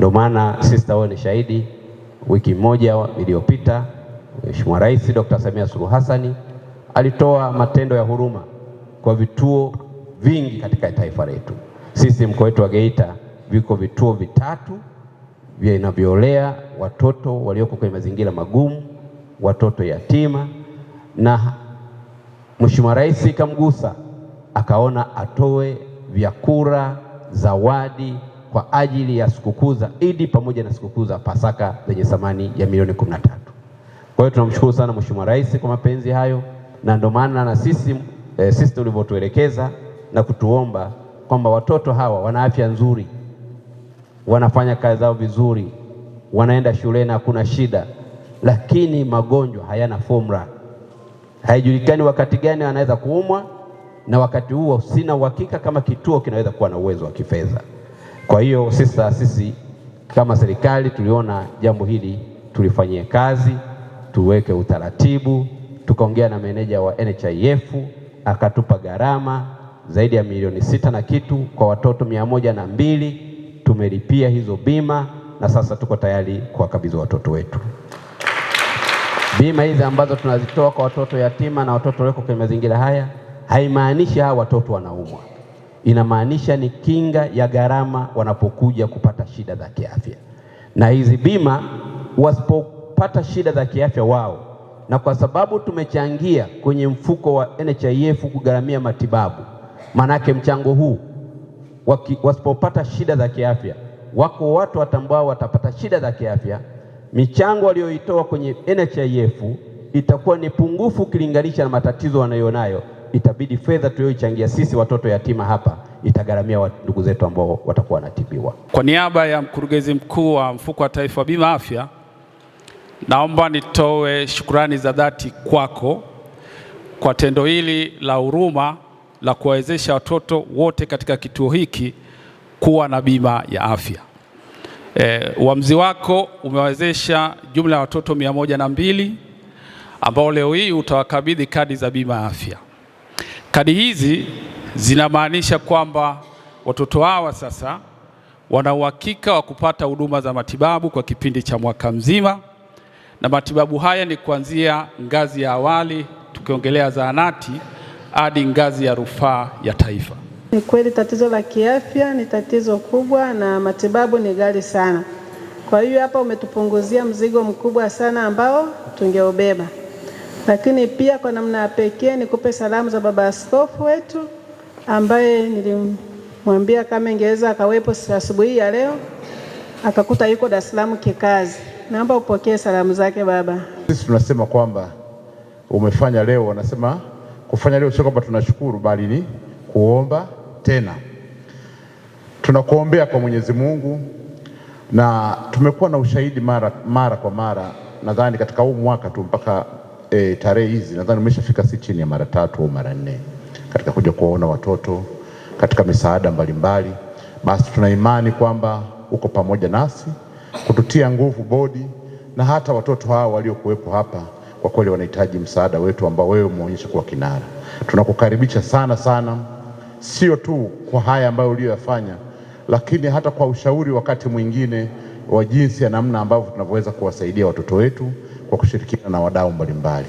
Ndio maana sister, wewe ni shahidi, wiki moja iliyopita Mheshimiwa Rais Dr. Samia Suluhu Hassan alitoa matendo ya huruma kwa vituo vingi katika taifa letu. Sisi mkoa wetu wa Geita viko vituo vitatu vinavyolea watoto walioko kwenye mazingira magumu, watoto yatima, na Mheshimiwa Rais kamgusa, akaona atoe vyakula, zawadi kwa ajili ya sikukuu za Idi pamoja na sikukuu za Pasaka zenye thamani ya milioni 13. Kwa hiyo tunamshukuru sana Mheshimiwa Rais kwa mapenzi hayo, na ndio maana na sisi e, sisi ulivyotuelekeza na kutuomba kwamba watoto hawa wana afya nzuri, wanafanya kazi zao vizuri, wanaenda shuleni, hakuna shida, lakini magonjwa hayana formula. Haijulikani wakati gani wanaweza kuumwa, na wakati huo sina uhakika kama kituo kinaweza kuwa na uwezo wa kifedha. Kwa hiyo sisi taasisi kama serikali tuliona jambo hili tulifanyie kazi, tuweke utaratibu, tukaongea na meneja wa NHIF akatupa gharama zaidi ya milioni sita na kitu kwa watoto mia moja na mbili. Tumelipia hizo bima na sasa tuko tayari kuwakabidhi watoto wetu bima hizi ambazo tunazitoa kwa watoto yatima na watoto walioko kwenye mazingira haya. Haimaanishi hawa watoto wanaumwa inamaanisha ni kinga ya gharama wanapokuja kupata shida za kiafya, na hizi bima wasipopata shida za kiafya wao, na kwa sababu tumechangia kwenye mfuko wa NHIF kugharamia matibabu, manake mchango huu wasipopata shida za kiafya, wako watu watambao watapata shida za kiafya, michango walioitoa kwenye NHIF itakuwa ni pungufu ukilinganisha na matatizo wanayonayo itabidi fedha tuliyoichangia sisi watoto yatima hapa itagharamia ndugu zetu ambao watakuwa wanatibiwa. Kwa niaba ya mkurugenzi mkuu wa mfuko wa taifa wa bima afya, naomba nitoe shukrani za dhati kwako kwa tendo hili la huruma la kuwawezesha watoto wote katika kituo hiki kuwa na bima ya afya. E, uamuzi wako umewawezesha jumla ya watoto mia moja na mbili ambao leo hii utawakabidhi kadi za bima ya afya. Kadi hizi zinamaanisha kwamba watoto hawa sasa wana uhakika wa kupata huduma za matibabu kwa kipindi cha mwaka mzima, na matibabu haya ni kuanzia ngazi ya awali tukiongelea zahanati hadi ngazi ya rufaa ya taifa. Ni kweli tatizo la kiafya ni tatizo kubwa na matibabu ni ghali sana. Kwa hiyo hapa umetupunguzia mzigo mkubwa sana ambao tungeubeba. Lakini pia kwa namna ya pekee nikupe salamu za baba askofu wetu ambaye nilimwambia kama ingeweza akawepo asubuhi ya leo, akakuta yuko Dar es Salaam kikazi. Naomba upokee salamu zake baba. Sisi tunasema kwamba umefanya leo, wanasema kufanya leo sio kwamba tunashukuru, bali ni kuomba tena. Tunakuombea kwa Mwenyezi Mungu, na tumekuwa na ushahidi mara, mara kwa mara, nadhani katika huu mwaka tu mpaka e, tarehe hizi nadhani umeshafika si chini ya mara tatu au mara nne katika kuja kuwaona watoto katika misaada mbalimbali, basi tuna imani kwamba uko pamoja nasi kututia nguvu bodi na hata watoto hawa waliokuwepo hapa kwa kweli wanahitaji msaada wetu ambao wewe umeonyesha kuwa kinara. Tunakukaribisha sana sana, sio tu kwa haya ambayo uliyoyafanya, lakini hata kwa ushauri wakati mwingine wa jinsi ya namna ambavyo tunavyoweza kuwasaidia watoto wetu kwa kushirikiana na wadau mbalimbali.